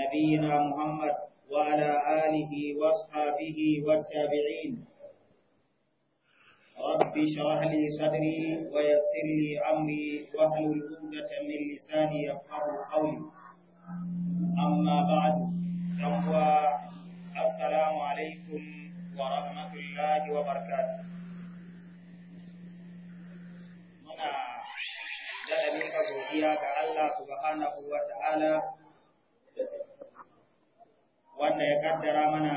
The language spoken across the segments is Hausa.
نبينا محمد وعلى آله وصحابه والتابعين رب شرح لي صدري ويسر لي أمري وهل عقدة من لساني يفقر قولي أما بعد فهو السلام عليكم ورحمة الله وبركاته muna da da muka سبحانه وتعالى Allah subhanahu wa ta'ala wanda ya kaddara mana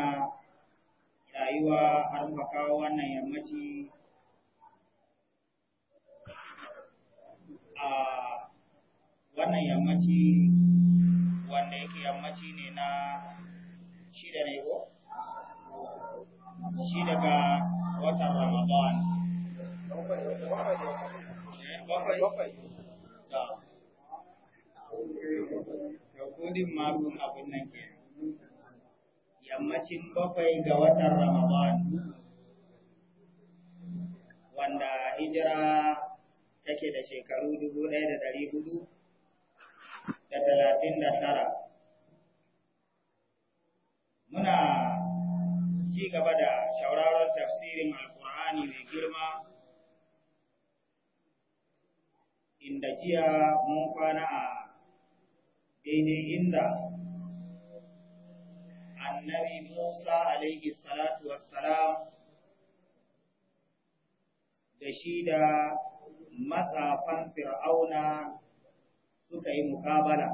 rayuwa har muka kawo wannan yammaci a wannan yammaci wanda yake yammaci ne na shida ne ko? shi daga watan Ramadan. Bakwai. abin nan ke. yammacin bakwai ga watan Ramadan, wanda hijira take da shekaru dubu ɗaya da ɗari hudu da talatin da tara. Muna ci gaba da shauraron tafsirin Alƙur'ani mai girma inda jiya mun kwana a daidai inda النبي Musa alaihi salatu والسلام da shi da matsafan fir'auna suka yi mukabala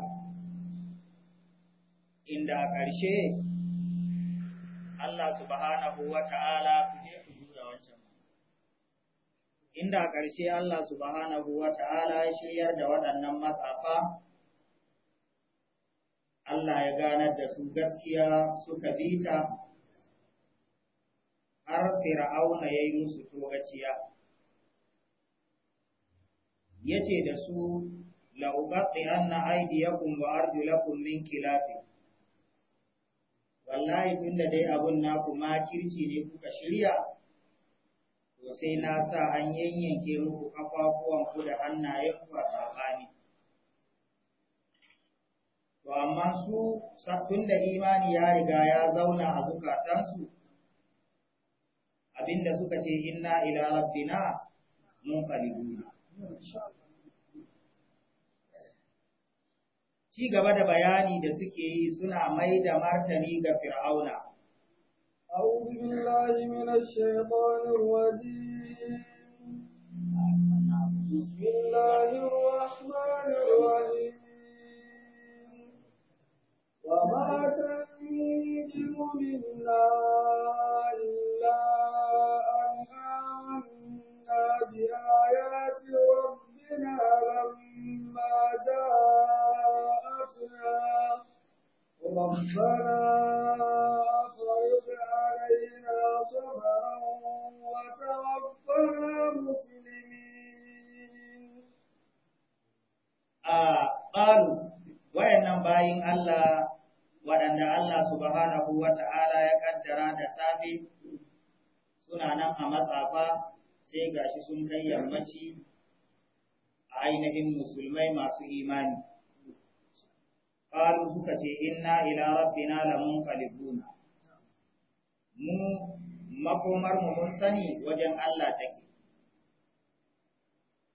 inda a ƙarshe Allah inda a ƙarshe Allah subhanahu wa ta'ala shiryar da waɗannan matsafa Allah ya ganar da su gaskiya suka bi ta har fir'auna ya yi musu togaciya ya ce da su la'ubaƙi an na aidiyakun wa arjulakun min kilafi wallahi tun da dai abun naku makirci ne kuka shirya to sai na sa an yanyanke muku ku da hannayenku a saɓani to amma su sabbin da imani ya riga ya zauna a zukatansu abinda suka ce inna ila rabbina munqalibuna ci gaba da bayani da suke yi suna mai da martani ga fir'auna أعوذ بالله من الشيطان الرجيم بسم الله الرحمن الرحيم وما تنجب منا إلا أن آمنا بآيات ربنا لما جاءتنا ربنا أفرغ علينا صبرا وتوفنا مسلمين آه قالوا وإنما باين الله waɗanda Allah subhanahu wa ta'ala ya kaddara da safe suna nan a matsafa sai gashi sun kai yammaci a ainihin musulmai masu imani. Ƙalu suka ce, Inna ila rabbina lamun kalibuna. Mu makomarmu mun sani wajen Allah take.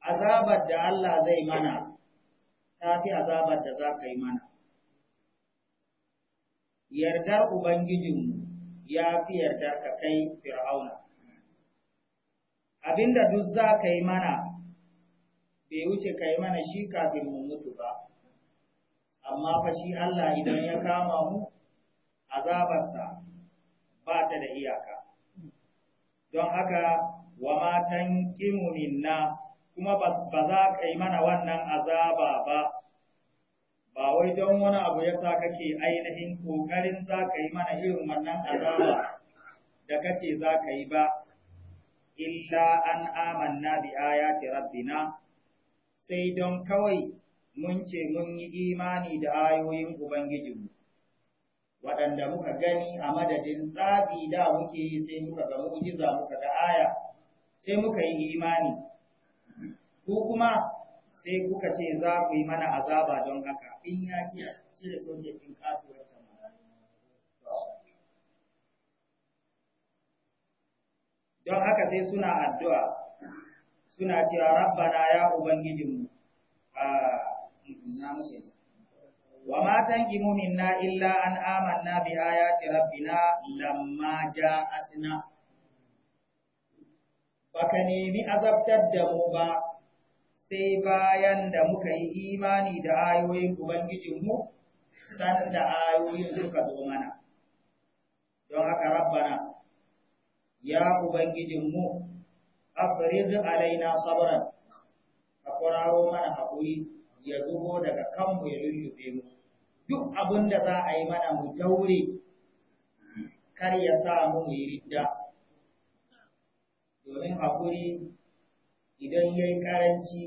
Azabar da Allah zai mana, ta fi azabar da za ka yi mana. yardar Ubangijinmu ya fi yardar ka kai Fir'auna. Abinda duk za ka yi mana, bai wuce ka yi mana shi kafin mu mutu ba, amma fa shi Allah idan ya kama mu, azabarsa ba ta da iyaka. Don haka, wa matan kimu na kuma ba za ka yi mana wannan azaba ba, ba wai don wani abu ya sa kake ainihin kokarin za ka yi mana irin wannan azaba da kace za ka yi ba, illa an amanna bi ayati rabbina sai don kawai mun ce mun yi imani da ayoyin Ubangijinmu, waɗanda muka gani a madadin tsabi da muke yi sai muka ga mu'jiza muka ga aya, sai muka yi imani. Ko kuma sai kuka ce za ku yi mana azaba don haka in ya ki a cire soke ɗin katuwar can don haka sai suna addu'a suna cewa rabbana ya ubangijinmu a na muke ne wa matan mumin na illa an amanna bi ayati rabbina lamma ja'atna baka nemi azabtar da mu ba sai bayan da muka yi imani da ayoyin Ubangijinmu, san da ayoyin suka zo mana. Don haka rabbana, ya Ubangijinmu, afriz alaina sabran, ka kuraro mana haƙuri ya zubo daga kanmu ya lullube mu. Duk abin da za a yi mana mu daure, kar ya sa mu yi ridda. Domin haƙuri idan ya yi ƙaranci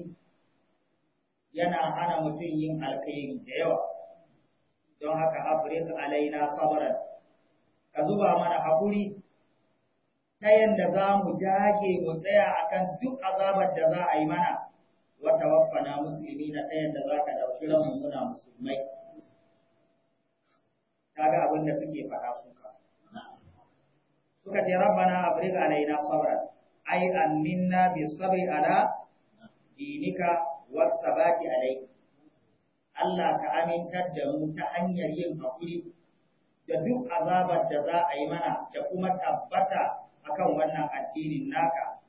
yana hana mutum yin alkhairi da yawa don haka afirka alaina sabaran ka zuba mana haƙuri ta yadda za mu dage mu tsaya akan duk azabar da za a yi mana wata waffana musulmi na ta yadda za ka ɗauki ranmu muna musulmai Ta abin da suke faɗa suka suka ce rabbana afirka alaina sabaran ai minna bi sabri ala dinika wattabati alai Allah ka amintar da mu ta hanyar yin hakuri da duk azabar da za a yi mana da kuma tabbata akan wannan addinin naka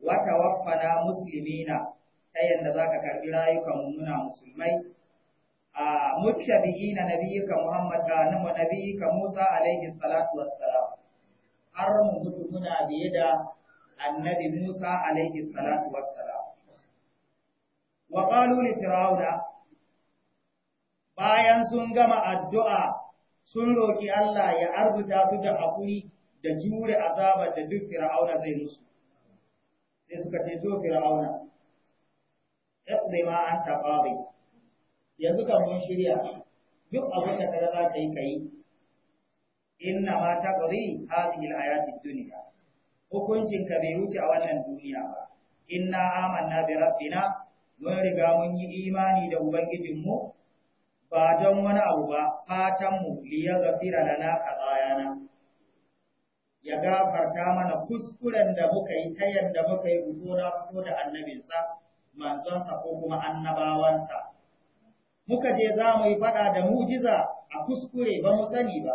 wa tawaffana muslimina ta yadda za ka karɓi rayukan muna musulmai a muttabi'ina nabiyyika Muhammad da namu nabiyyika Musa alaihi salatu wassalam har mu mutu muna biye da annabi Musa alaihi salatu wassalam. Wa ƙalu li bayan sun gama addu'a sun roƙi Allah ya arzuta su da haƙuri da jure azabar da duk Fir'auna zai musu. Sai suka ce to Fir'auna, ɗaɗɗai ma an taɓa yanzu kan mun shirya duk abin da ka za ka yi ka yi. Inna ma taɓa zai hazi ilayatid duniya. Hukuncin ka bai wuce a wannan duniya ba inna amanna bi rabbina mun riga mun yi imani da ubangijinmu ba don wani abu ba fatan mu li yaghfira lana qadayana ya gafarta mana kuskuren da muka yi ta yadda muka yi fito ko da annabinsa manzonsa ko kuma annabawansa muka je za mu yi faɗa da mujiza a kuskure ba mu sani ba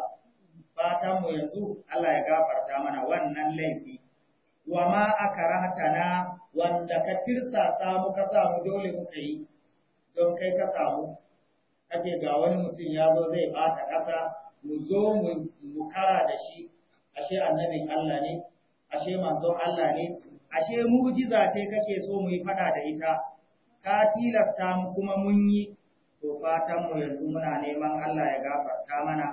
fatan mu yanzu Allah ya gafarta mana wannan laifi wa ma na wanda ka ta mu ka samu dole muka yi don kai ka samu kace ga wani mutum ya zo zai bata kasa mu zo mu kara da shi ashe annabin Allah ne ashe manzon Allah ne ashe mu'jiza ce kake so mu yi fada da ita ka tilasta mu kuma mun yi to fatan mu yanzu muna neman Allah ya gafarta mana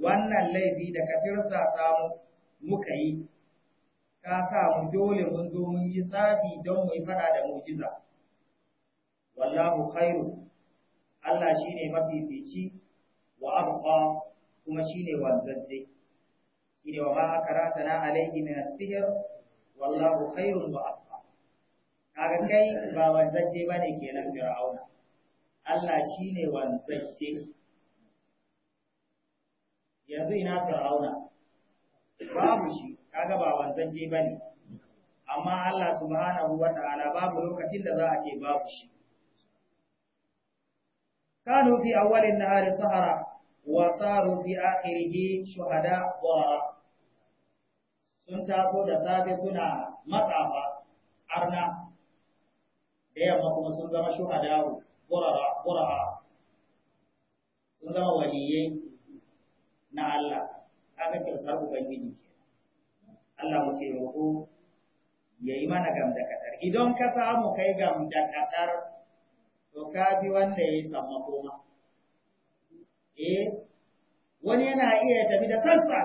wannan laifi da ka ta mu muka yi ka sa mu dole mun zo mun yi tsafi don mu yi fada da mu'jiza wallahu khairu Allah shine mafifici wa abqa kuma shine wanzanne shine wa ma na alaihi min as-sihr wallahu khairun wa abqa kaga kai ba wanzanne bane kenan fir'auna Allah shine wanzanne yanzu ina fir'auna babu shi kaga ba wanzan ba ne amma Allah subhanahu wa ta'ala babu lokacin da za a ce babu shi kanu fi awwalin nahari sahara wa saru fi akhirihi shuhada wa sun taso da safe suna matsafa arna da yamma kuma sun zama shuhada qurara qurara sun zama waliyai na Allah kaga kirkar ubangiji Allah muke roƙo ya yi mana gamdakatar idan ka samu kai gamdakatar to ka fi wanda ya yi sammako koma. eh wani yana iya ya tafi da kansa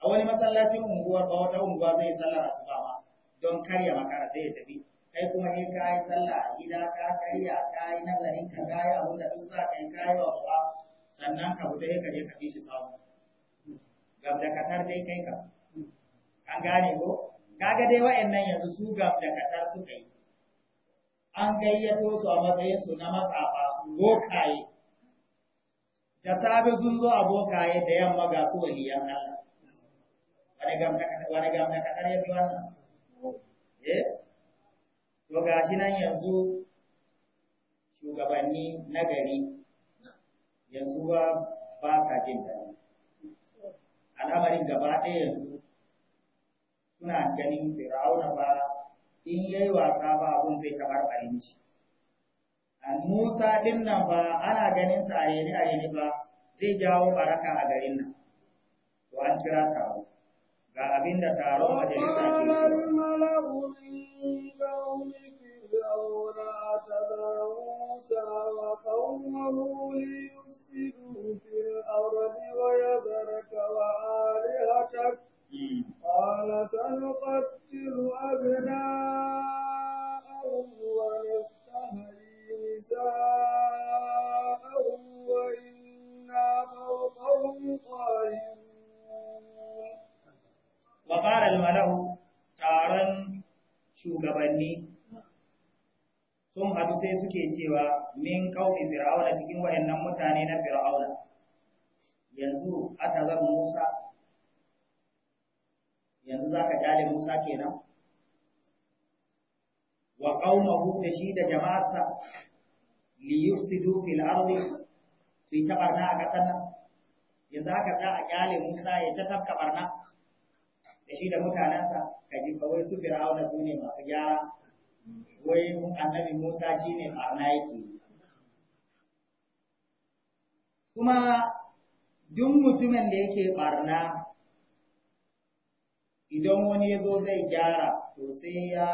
a wani masallacin unguwar ba wata unguwa zai sallar asuba ma don karya makara sai ya tafi kai kuma ne ka yi sallah a gida ka karya ka yi nazarin ka ka yi abin da duk za ka yi ka yi wa sannan ka fita ka je ka fi shi samu gam da katar dai kai ka an gane ko kaga dai wa'annan yanzu su gam da katar suka yi an gayyato su a matsayin su na matsafa bokaye da safe sun zo a bokaye da yamma ga su waliyan Allah wani gam da katar wani gam da katar ya fi wannan eh to gashi nan yanzu shugabanni na gari yanzu ba ba sa jin daɗi al'amarin gaba ɗaya yanzu suna ganin fir'auna ba in yayi wasa ba abun zai kamar barinci Musa din nan ba ana ganin sa a yene ba zai jawo baraka a garin nan to an kira taro ga abin da taro majalisa ke so موسى وقومه ليفسدوا في الأرض ويذرك وآلهتك قال سنقتل أبناءهم ونستهيي نساءهم وإنا فوقهم قاهرون وقال الملأ taron shugabanni sun haɗu sai suke cewa min kaumi fir'auna cikin wayannan mutane na fir'auna yanzu atazar Musa yanzu zaka jale Musa kenan wa qaumahu da shi da jama'arsa li yufsidu fil ardi su yi tabarna a ƙasar nan yanzu haka za a kyale Musa ya ta tafka barna da shi da mutanensa ka ji kawai su fir'auna su ne masu gyara wai annabi Musa shi ne barna yake. Kuma duk mutumin da yake barna idan wani ya zo zai gyara to sai ya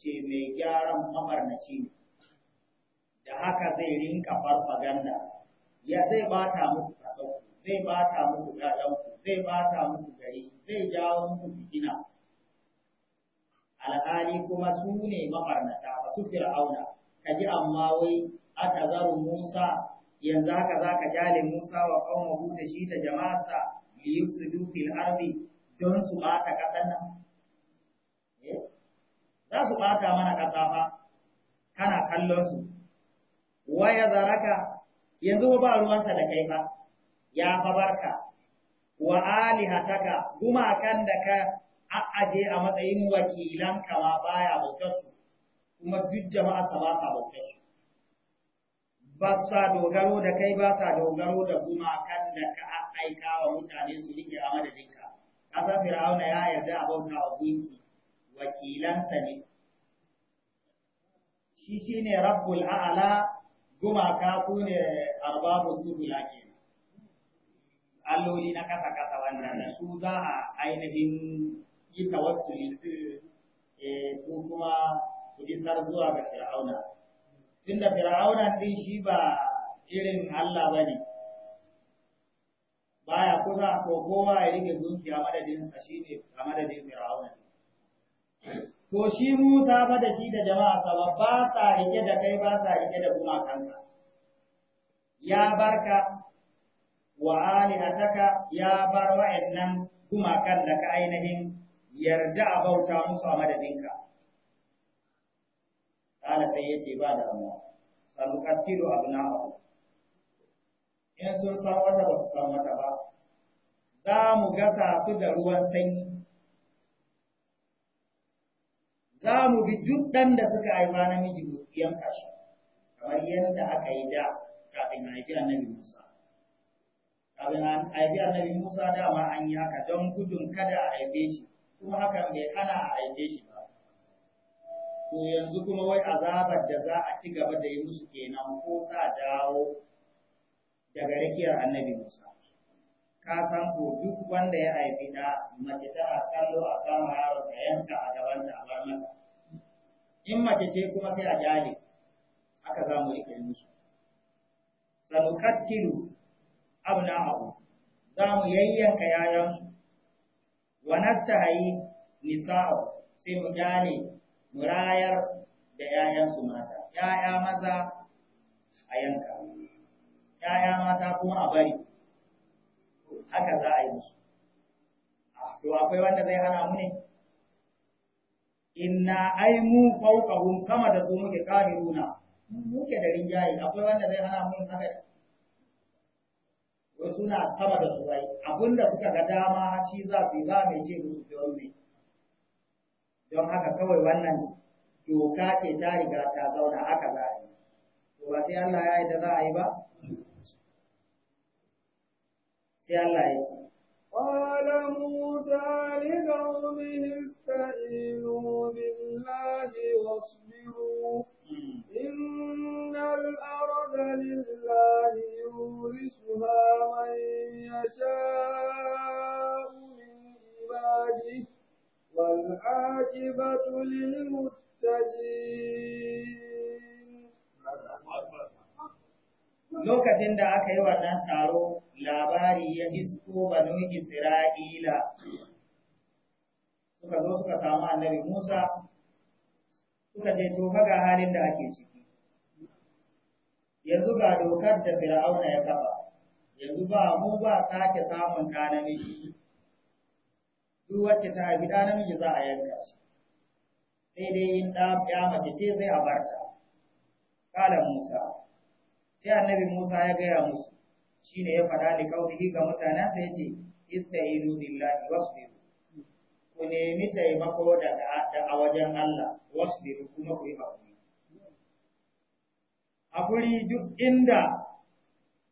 ce mai gyaran mabarnaci ne. Da haka zai rinka farfaganda, ya zai bata muku kasau, zai bata muku ɗaɗanku, zai bata muku gari, zai jawo muku fitina. alhali kuma su ne mabarnata ba su fir'auna kaji amma wai aka zaru Musa yanzu haka ka jale Musa wa kawo da shi da jama'arsa liyu su fil ardi don su ɓata ƙasar nan eh? za su ɓata mana ƙasa fa kana kallon su waya zaraka yanzu ba ruwansa da kai ba ya fa barka wa alihataka gumakan da ka a'aje a matsayin wakilan kama baya bautar su kuma duk jama'a ta ba ta bautar su ba sa dogaro da kai ba sa dogaro da gumakan da ka aika wa mutane su rike a madadinka kasar Firawuna ya yarda a bauta wa gunki wakilansa ne shi shine rabbul a'ala gumaka ku ne arbabu subula ke alloli na kasa kasa wannan su za a ainihin yi tawassuli eh, su kuma su isar zuwa ga fir'auna tunda fir'auna din shi ba irin Allah bane baya kusa ko kowa ya rike gunki a madadin sa ne a madadin fir'auna to shi Musa ba da shi da jama'a sa ba sa rike da kai ba sa rike da kuma kanka ya barka wa alihataka ya bar wa'annan gumakan da ka ainihin yarda a bauta musu a madadinka kala sai ya ce ba damuwa sanukattilu abna'ahu in sun san wata ba su san mata ba za mu gasa su da ruwan sanyi za mu bi duk ɗan da suka haifa namiji mu yan shi kamar yadda aka yi da kafin haifi annabi Musa kafin haifi annabi Musa dama an yi haka don gudun kada a haife shi kuma hakan bai hana a aike shi ba to yanzu kuma wai azabar da za a ci gaba da yi musu kenan ko sa dawo daga rakiyar annabi Musa ka san ko duk wanda ya haifi da mace tana kallo a kama yaro da yanka a gaban da a masa in mace ce kuma sai a jale aka za mu rika yi musu sanukattilu abu. za mu yayyanka yayan wa nastahi nisa'u sai mu gane murayar da 'ya'yansu mata 'ya'ya maza a yanka ‘ya'ya mata kuma a bari haka za a yi musu ah, to akwai wanda zai hana mu ne inna ai mu fauqahum sama da su muke kadiruna muke da rinjaye akwai wanda zai hana mu yin haka suna sama da su abinda suka ga dama shi za su ba mai ce musu don me don haka kawai wannan doka ce ta riga ta zauna haka za a yi to ba sai Allah ya yi da za a yi ba sai Allah ya ce قال موسى لقومه استعينوا بالله واصبروا إن الأرض لله يورثها من يشاء من عباده والعاقبة للمتقين Lokacin da aka yi ɗan taro labari ya isko banu Isra'ila suka zo suka samu annabi Musa suka ce to ga halin da ake ciki. yanzu ga dokar da fir'auna ya kafa yanzu ba mu ba sake samun ɗa namiji duk wacce ta haifi ɗa namiji za a yanka shi sai dai yin ɗa ya mace ce zai a barta kala musa sai annabi musa ya gaya musu shine ya faɗa da kaulihi ga mutanen sa yace istaeenu billahi wasbir ku nemi taimako da a wajen Allah wasbir kuma ku yi hakuri a guri duk inda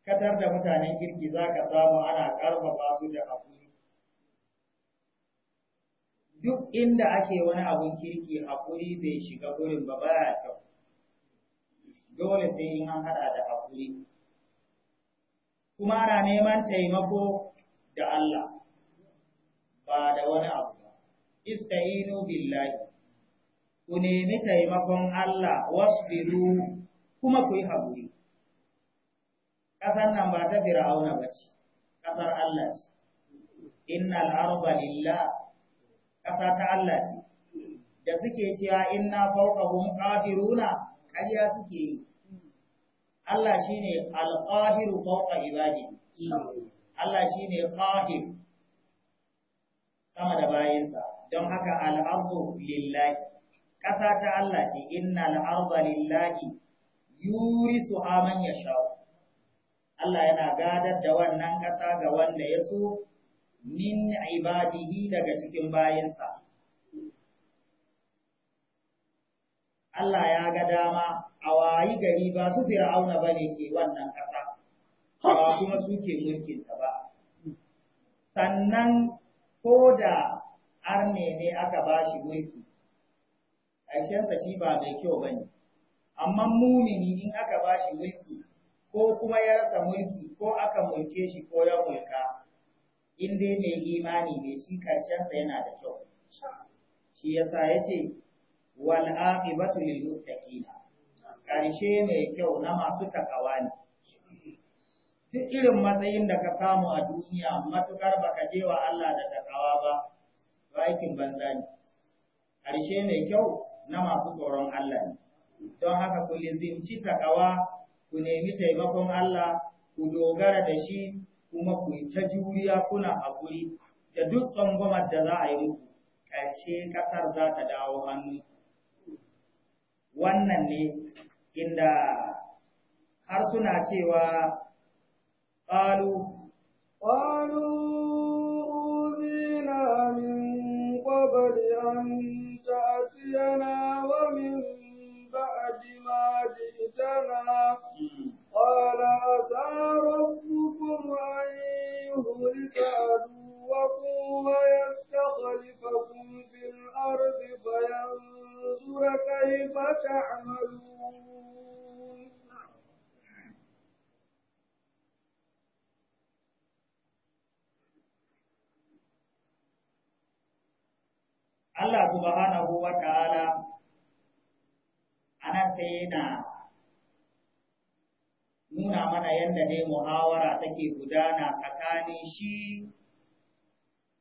katar da mutanen kirki za ka samu ana karfafa su da hakuri. duk inda ake wani abun kirki hakuri bai shiga gurin ba baya kyau dole sai in an hada da hakuri. kuma ana neman taimako da Allah ba da wani abu ba ista'inu billahi ku nemi taimakon Allah wasbiru kuma ku yi haƙuri. Ƙasar nan ba ta fir'auna ba ce, ƙasar Allah ce, inna al'arba lilla, ƙasa ta Allah ce, da suke cewa inna fauƙahum ƙadiruna ƙarya suke yi. Allah shi ne alƙahiru fauka ibadi, Allah shi ne ƙahir sama da bayansa, don haka al'arzu lillahi, ƙasa ta Allah ce, inna al'arba lillahi. Yuri, aman ya shawo. Allah yana gadar da wannan ƙasa ga wanda ya so min ibadihi daga cikin bayansa. Allah ya ga dama a wayi gari ba su fir'auna ba ne ke wannan ƙasa, ba kuma su ke mulkinta ba. Sannan ko da arne ne aka bashi shi mulki, shi ba mai kyau ba ne. amma mumini in aka ba shi mulki ko kuma ya rasa mulki ko aka mulke shi ko ya mulka in dai mai imani ne shi karshensa yana da kyau shi yasa yace wal aqibatu lil muttaqin karshe mai kyau na masu takawa ne duk irin matsayin da ka samu a duniya matukar baka je wa Allah da takawa ba to aikin banza ne karshe mai kyau na masu tsoron Allah ne don haka ku lizimci takawa, ku nemi taimakon Allah ku dogara da shi kuma ku yi ta juriya kuna haƙuri da duk tsangwamar da za a yi muku ƙarshe ƙasar za ta dawo hannu wannan ne inda har suna cewa ƙalu ƙalu min من قبل ta'atiyana wa min. جئتنا قال عسى ربكم أن يهلك عدوكم ويستخلفكم في الأرض فينظر كيف تعملون Allah subhanahu wa ta'ala anan yana nuna mana yadda ne muhawara take gudana tsakanin shi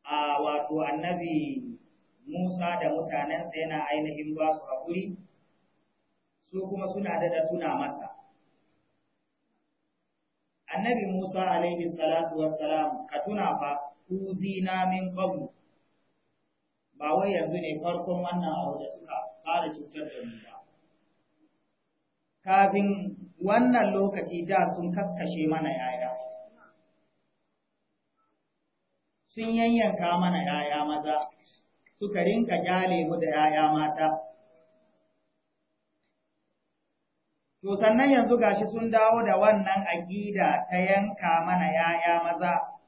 a wato annabi Musa da mutanensa yana ainihin ba su haƙuri, su kuma suna da tuna masa. Annabi Musa alaihi salatu wassalam ka tuna fa uzina min qablu ba wai yanzu ne farkon wannan abu da suka fara cutar da mu ba. kafin wannan lokaci da sun kakkashe mana yaya sun yayyanka mana yaya maza suka rinka jale mu da yaya mata to sannan yanzu gashi sun dawo da wannan aƙida ta yanka mana yaya maza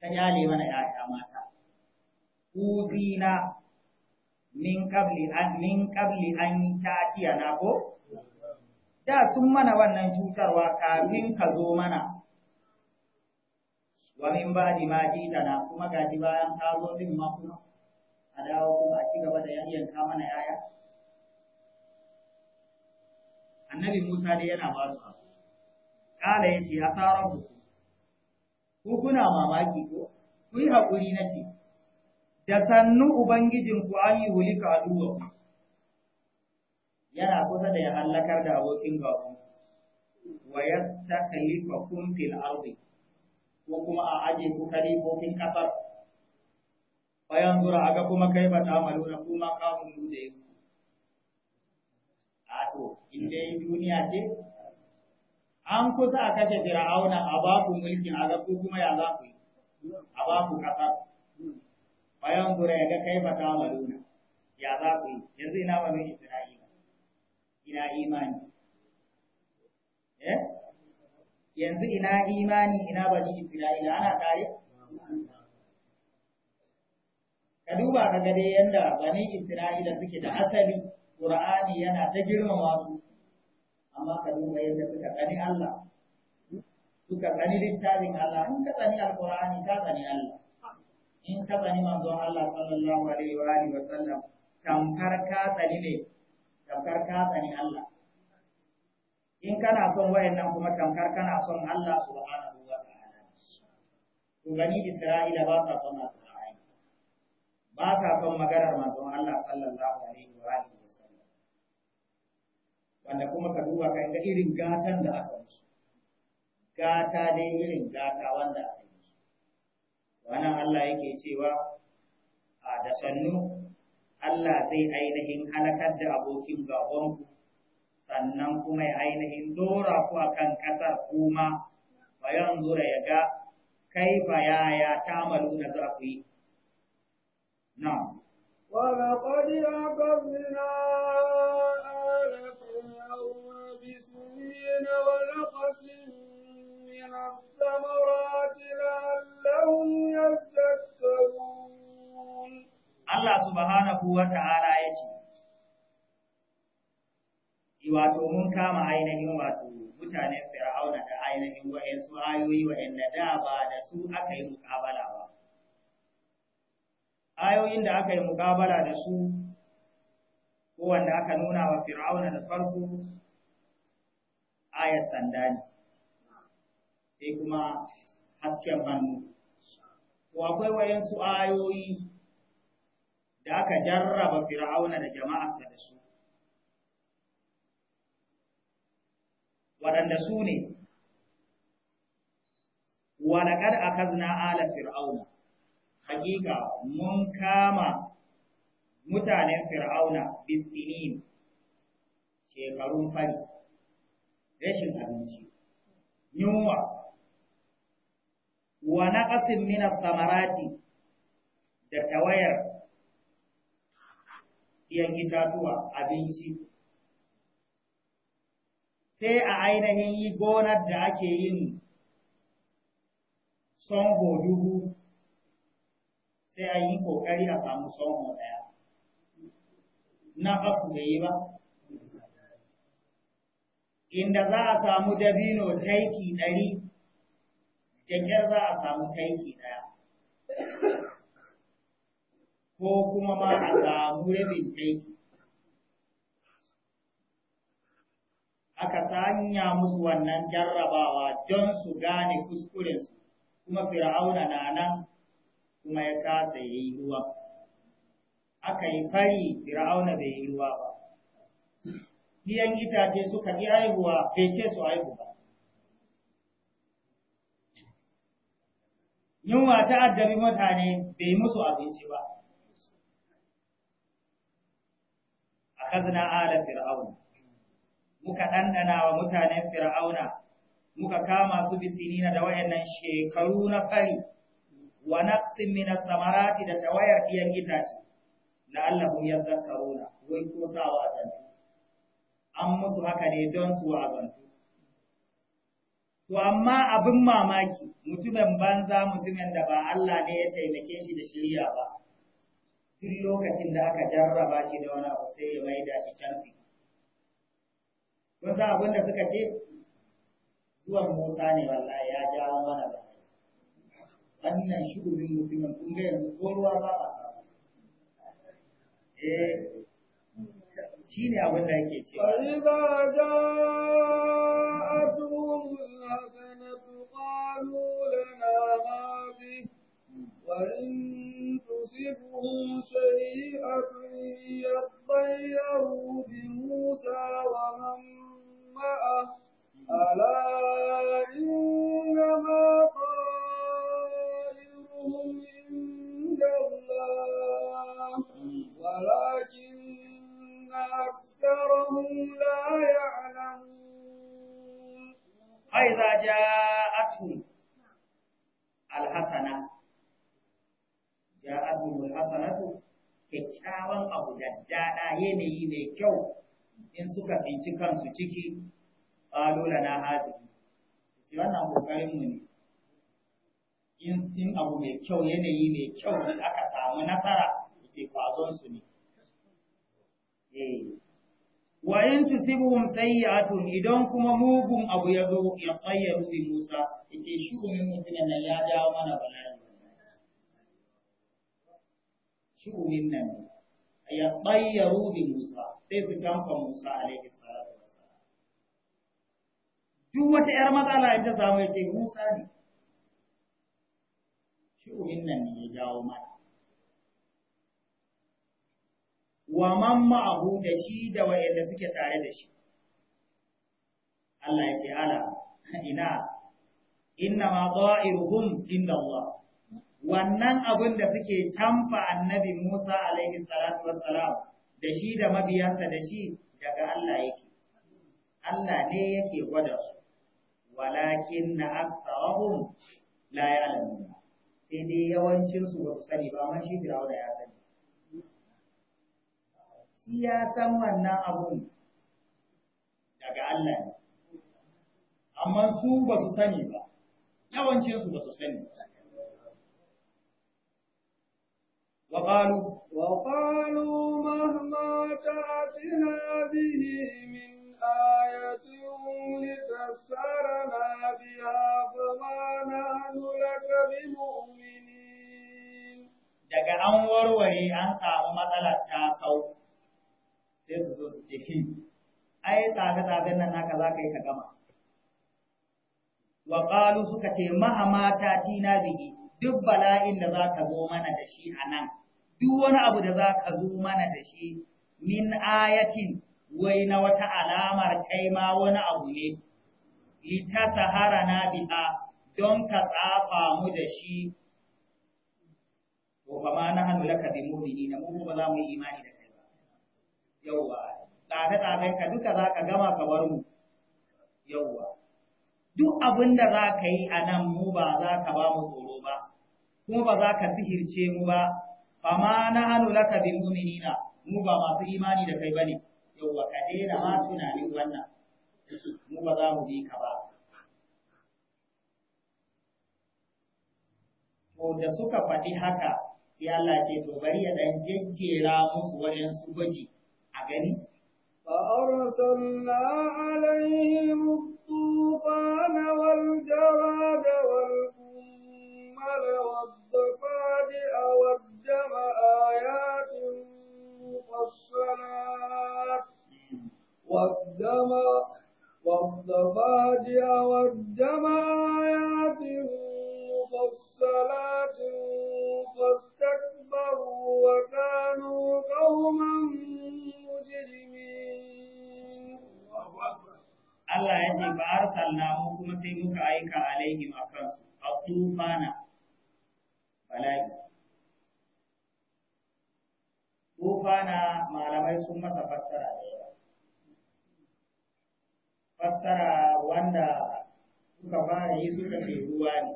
ta jale mana yaya mata uzina min qabli an min qabli an na ko da sun mana wannan cutarwa kafin ka zo mana wa min di ma na kuma gaji bayan ka zo din ma kuma a dawo kuma a ci gaba da ka mana yaya annabi Musa dai yana ba su abu kala yace asarabu ku kuna mamaki ko ku yi hakuri ce. da sannu ubangijin an yi wuli kaduwa, yana kusa da ya hallakar da abokin gabu, wa ya ta kalifa kumfil arzi, ko kuma a aje ku kalifofin ƙasar, bayan zura aga kuma kai ba ta malu na kuma kamun yi da a to inda dai duniya ce, an kusa a kashe fir'auna a baku mulkin aga ku kuma ya za ku yi, a baku ƙasar. bayan gura ya ga kai ba ta maluna ya za ku yi yanzu ina ba mai isra'ila ina imani eh yanzu ina imani ina ba ni isra'ila ana tare ka duba ka ga dai yanda bani isra'ila suke da asali qur'ani yana ta girmama su amma ka duba yadda suka tsani Allah suka tsani littafin Allah in ka tsani alqur'ani ka tsani Allah in ka tsani manzon Allah sallallahu alaihi wa alihi wa sallam tamkar ka tsani ne tamkar ka tsani Allah in kana son wayannan kuma tamkar kana son Allah subhanahu wa ta'ala to bani Isra'ila ba sa son Isra'ila ba sa son maganar manzon Allah sallallahu alaihi wa alihi wa sallam wanda kuma ka duba ka ga irin gatan da aka musu gata dai irin gata wanda aka wannan Allah yake cewa a da sannu Allah zai ainihin halakar da abokin gabanku sannan kuma ya ainihin dora ku a kan ƙasar kuma bayan zura ya ga kai ba ya ta malu na za ku yi. Na'am. ولقد bisu yi na بسنين kwasi من الثمرات لعلهم يذكرون الله سبحانه وتعالى يجي wato mun kama ainihin wato mutanen fir'auna da ainihin wa'insu ayoyi wa'anda da ba da su aka yi mukabala ba ayoyin da aka yi mukabala da su ko wanda aka nuna wa fir'auna da farko ayat sanda ne sai kuma hasken hannu. Ko akwai su ayoyi da aka jarraba fir'auna da jama'arsa da su. Waɗanda su ne, a kazna ala fir'auna, hakika mun kama mutanen fir'auna bisinin shekarun fari, rashin abinci, yunwa. wa naqasin min samarati da tawayar yan itatuwa abinci sai a ainihin yi gonar da ake yin sonho dubu sai a yi kokari a samu sonho ɗaya na ƙasu da yi ba inda za a samu dabino taiki ɗari Kyakkyar za a samu aiki ɗaya ko kuma ma a samu rabin aiki aka sanya musu wannan jarrabawa don su gane kuskurensu kuma fir'auna na nan kuma ya kasa ya yi ruwa aka yi fari fir'auna bai yi ruwa ba biyan itace suka yi haihuwa bai ce su haihu ba yunwa ta addabi mutane bai musu abinci ba akhadna ala fir'auna muka dandana wa mutanen fir'auna muka kama su na da wayannan shekaru na fari wa naqsin min samarati da tawayar iyan itace la'allahum yadhakkaruna wai ko sawa zantu an musu haka ne don su wa'azantu To amma abin mamaki mutumin banza mutumin da ba Allah ne ya taimake shi da shirya ba. Duk lokacin da aka jarraba shi da wani abu sai ya maida shi canfi. Kun san abin da suka ce? Zuwan Musa ne wallahi ya jawo mana ba. Wannan shugurin mutumin kun ga yanzu ko ruwa ba a samu. Eh, shine abin da yake cewa idza ja'atuhum hasanatu da lana hadi wa in tusibhum sayi'atun yatayyaru bi Musa wa man ma'ahu ala iza ja'atuhum alhasana ja'atuhum alhasanatu kyakkyawan abu da dada yanayi mai kyau in suka finci kansu ciki qalu lana hadhihi ce wannan kokarin mu ne in in abu mai kyau yanayi mai kyau da aka samu nasara yake kwazon su ne eh wa in tusibuhum sayyi'atun idan kuma mugun abu ya zo ya qayyaru bi Musa yace shi umin mutumin nan ya dawo mana bala'i shi umin nan ya qayyaru bi Musa sai su tanfa Musa alaihi salatu wassalam duk wata yar matsala in ta samu yace Musa ne shi umin nan ya jawo mana wa man ma'ahu da shi da wayanda suke tare da shi Allah ya ce ala ina inna ma dha'iruhum inda Allah wannan abin da suke canfa annabi Musa alaihi salatu wassalam da shi da mabiyansa da shi daga Allah yake Allah ne yake gwada su walakin na aktsaruhum la ya'lamun sai dai yawancin su ba su sani ba amma shi Fir'auna ya sani shi ya san wannan abun daga Allah ne amma su ba su sani ba yawancin su ba su sani wa qalu wa qalu mahma ta'tina bihi min آية لتسرنا بها فما نحن لك بمؤمنين daga an warware an samu matsalar ta kau sai su zo su ce ai tsafe tsafen nan naka za ka yi ka gama wa qalu suka ce mahama ta tina bihi duk bala'in da za ka zo mana da shi a nan duk wani abu da za ka zo mana da shi min ayatin wai na wata alamar kai ma wani abu ne lita sahara na biha don ka tsafa mu da shi ko ba ma na hannu laka bi mu'minina mu ba za mu yi imani da yawwa tsafe-tsafen ka duka za ka gama ka bar mu yawwa duk abin da za ka yi a nan mu ba za ka ba mu tsoro ba ko ba za ka sihirce mu ba ba ma na hannu laka bin muminina mu ba masu imani da kai bane yawwa ka daina ma tunanin wannan mu ba za mu bi ka ba ko da suka faɗi haka ya Allah ce to bari ya dan jejjera musu wajen su gwaji يعني فأرسلنا عليهم الطوفان والجراد والقمل والضفادع والدم آيات مفصلات والدم والضفادع والدم آيات مفصلات فاستكبروا اسْتَكْبَرُوا وَكَانُوا قَوْمًا مُجْرِمِينَ Allah ya ce ba arsalna mu kuma sai muka aika alaihim akan su at-tufana bala'i tufana malamai sun masa fassara da fassara wanda suka fara yi suka ruwa ne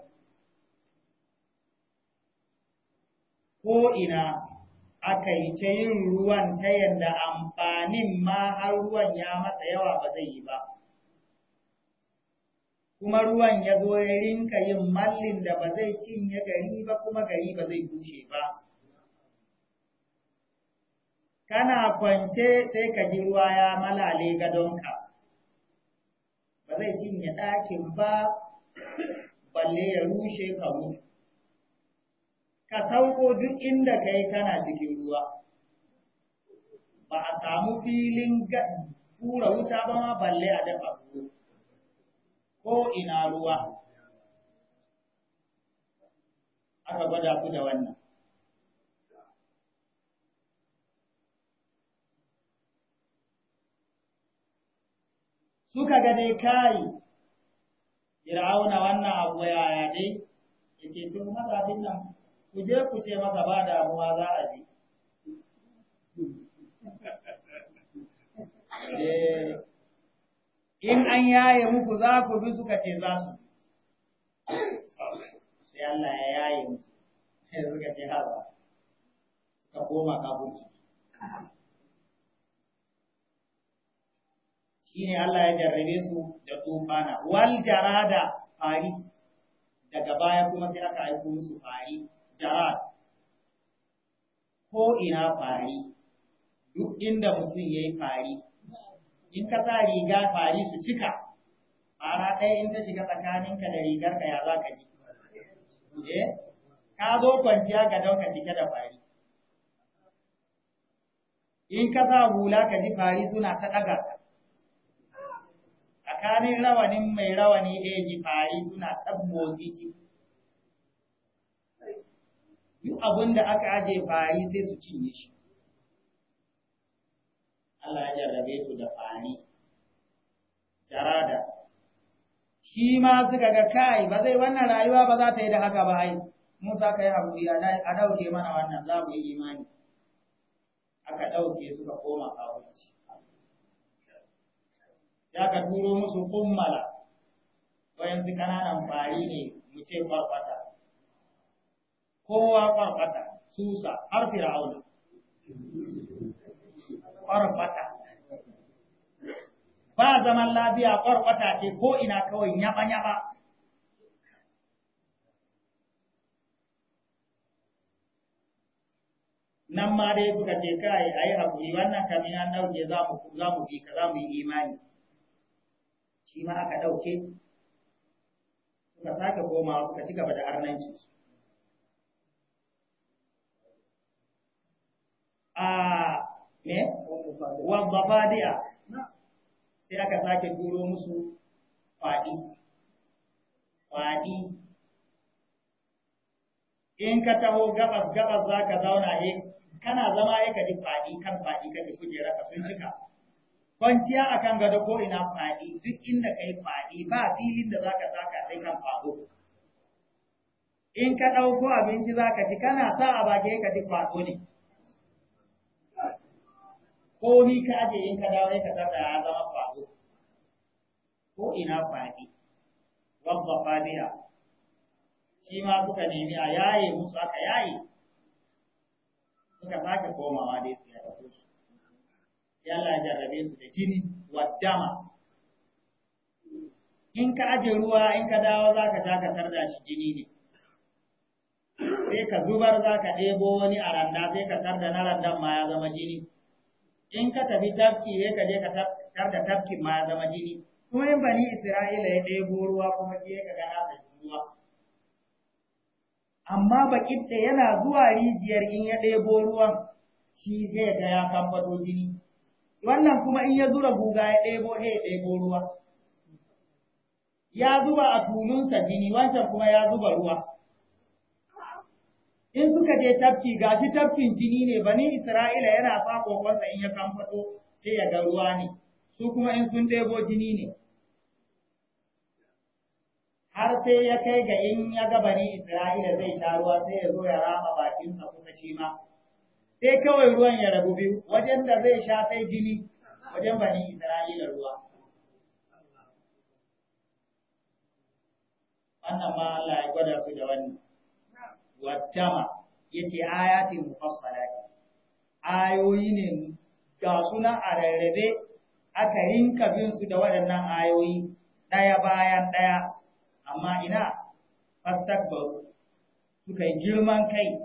ko'ina aka yi ta yin ruwan ta yadda amfanin ma har ruwan ya masa yawa ba zai yi ba. Kuma ruwan ya zo ya rinka yin mallin da ba zai cinye gari ba kuma gari ba zai bushe ba. Kana kwance sai ka ji ruwa ya malale gadonka, ba zai cinye ɗakin ba, balle ya rushe ka mutu. ka sauko duk inda kai kana cikin ruwa ba a samu filin kura wuta ba ma balle a dafa ko ina ruwa aka gwada su da wannan suka ga dai kai Fir'auna wannan abu yaya dai yace to mazafin nan ku je ku ce masa ba damuwa za a je. Eh, in an yaye muku za ku bi suka ce za su. Sai Allah ya yaye musu, sai suka ce haza, suka koma kafurci. Shi ne Allah ya jarrabe su da tufana, wal jarada fari, daga baya kuma sai aka aiko musu fari. shara ko ina fari duk inda mutum ya yi fari in ka sa riga fari su cika fara ɗaya in ta shiga tsakaninka da rigar ka ya za ka ji eh, ka zo kwanciya ka dauka cike da fari in ka sa hula ka ji fari suna ta ɗaga tsakanin rawanin mai rawani ɗaya ji fari suna ta motsi duk abin da aka aje fari sai su cinye shi Allah ya jarrabe su da fari jarada shi ma suka ga kai ba zai wannan rayuwa ba za ta yi da haka ba ai Musa kai hakuri a dauke mana wannan za mu yi imani aka dauke suka koma kawunci ya ka turo musu kummala su ƙananan fari ne mu ce farfata kowa kan fata susa har fir'auna ƙwarfata ba zaman lafiya ƙwarfata ce ko ina kawai yaba-yaba nan ma dai suka ce kai a yi haƙuri wannan kamin an ɗauke za mu bi ka za mu yi imani shi ma aka ɗauke suka sake komawa suka ci gaba da harnanci a ah, ne wazzafadiya sai aka sake turo musu faɗi faɗi in ka taho gabas gabas za ka zauna ne eh, kana zama ya kaji faɗi kan faɗi kaji kujera ka sun cika kwanciya a kan gado ko ina faɗi duk inda ka yi faɗi ba filin da za ka zaka sai kan faɗo in ka ɗauko abinci za ka ci kana sa a baki ka ji faɗo ne komi ka aje in ka dawo ka tarda ya zama faɗo ko ina faɗi wabba faɗiya shi ma suka nemi a yaye musu aka yaye suka sake komawa dai su ya tafi su yalla ya jarrabe su da jini dama in ka aje ruwa in ka dawo za ka sha ka tarda shi jini ne sai ka zubar za ka ɗebo wani a randa sai ka tarda na randan ma ya zama jini in ka tafi tafki ya ka je ka tar da tafkin ma zama jini kuma in bani isra'ila ya ɗebo ruwa kuma shi ya ka ga hasa ruwa amma bakin da yana zuwa rijiyar in ya ɗebo ruwan shi zai ga ya tabbato jini wannan kuma in ya zura guga ya ɗebo he ya ɗebo ruwa ya zuba a tulunsa jini wancan kuma ya zuba ruwa in suka je tafki shi tafkin jini ne bani Isra'ila yana sa kokonsa in ya kamfato sai ya ga ruwa ne su kuma in sun ɗebo jini ne har sai ya kai ga in ya ga bani Isra'ila zai sha ruwa sai ya zo ya rama bakinsa kusa shi ma sai kawai ruwan ya rabu biyu wajen da zai sha sai jini wajen bani Isra'ila ruwa wannan ma Allah ya gwada su da wannan wattama yace ayatin mufassalati ayoyi ne ga suna a rarrabe aka rinka bin su da waɗannan ayoyi ɗaya bayan ɗaya amma ina fastakbaru suka girman kai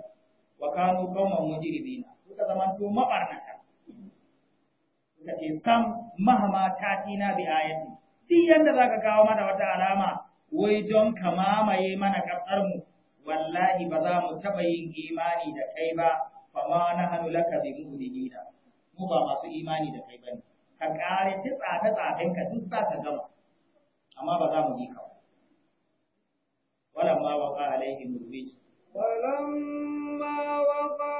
wa kanu kauman mujrimina suka to mabarnata suka ce sam mahama tatina bi ayati duk yanda zaka kawo mana wata alama wai don ka mamaye mana kasar mu wallahi ba za mu taɓa yin imani da kai ba ba ma na hannu laka bi da. mu ba masu imani da kai ba ne. ka kare ci tsada tsadan ka duk za ka gama amma ba za mu yi ka walamma waqa alaihim rijis walamma waqa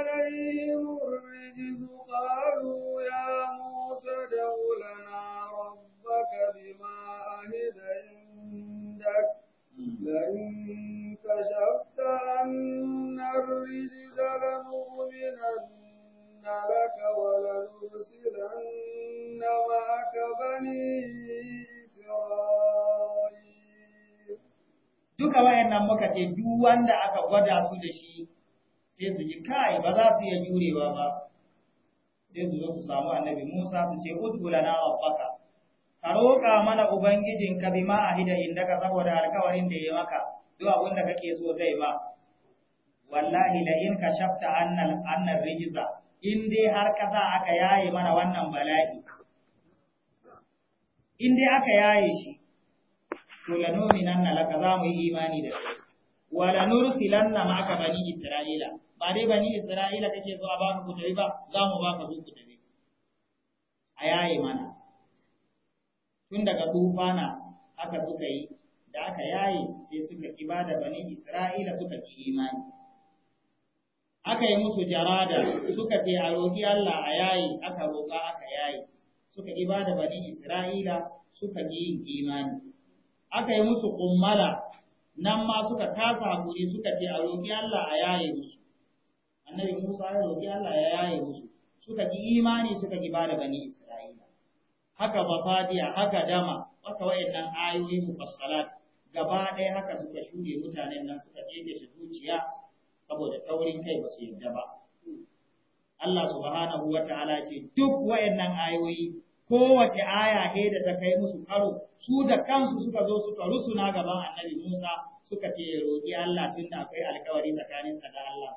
alaihim rijis qalu ya musa dawlana rabbaka bima ahida indak لئن hmm. كشفت عنا الرجل لنؤمنن لك ولنرسلن معك بني إسرائيل duka wayannan muka ce duk wanda aka gwada su da shi sai su ji kai ba za su iya jurewa ba sai su zo su samu annabi Musa su ce udhu lana rabbaka ka roƙa mana ubangijinka bima ahida indaka saboda alkawarin da ya maka duk abin da kake so zai ba wallahi la in kashafta annal annar rijza in dai har ka za aka yaye mana wannan bala'i in dai aka yaye shi to la nu'minanna laka za mu yi imani da kai wa la nursilanna ma'aka bani isra'ila ba dai bani isra'ila kake zuwa ba ku tafi ba za mu ba ka ku tafi a yaye mana tun daga tufana haka suka yi da aka yaye sai suka ibada bani Isra'ila suka yi imani. Aka yi musu jarada suka ce a roƙi Allah a yaye aka roƙa aka yaye suka ibada bani Isra'ila suka yi yin imani. Aka yi musu kummala nan ma suka kasa hakuri suka ce a roƙi Allah a yaye musu. Annabi Musa ya roƙi Allah ya yaye musu suka ƙi imani suka ibada bani Isra'ila. Haka bafadiya haka dama haka nan ayoyi mufassalat gaba ɗaya haka suka shuɗe mutanen nan suka ƙeƙe shi zuciya saboda taurin kai ba su yarda ba Allah subhanahu wa ta'ala ce duk wayannan ayoyi kowace aya he da ta kai musu karo su da kansu suka zo suka rusuna gaban annabi Musa suka ce roƙi Allah tun da akwai alkawari tsakanin sa da Allah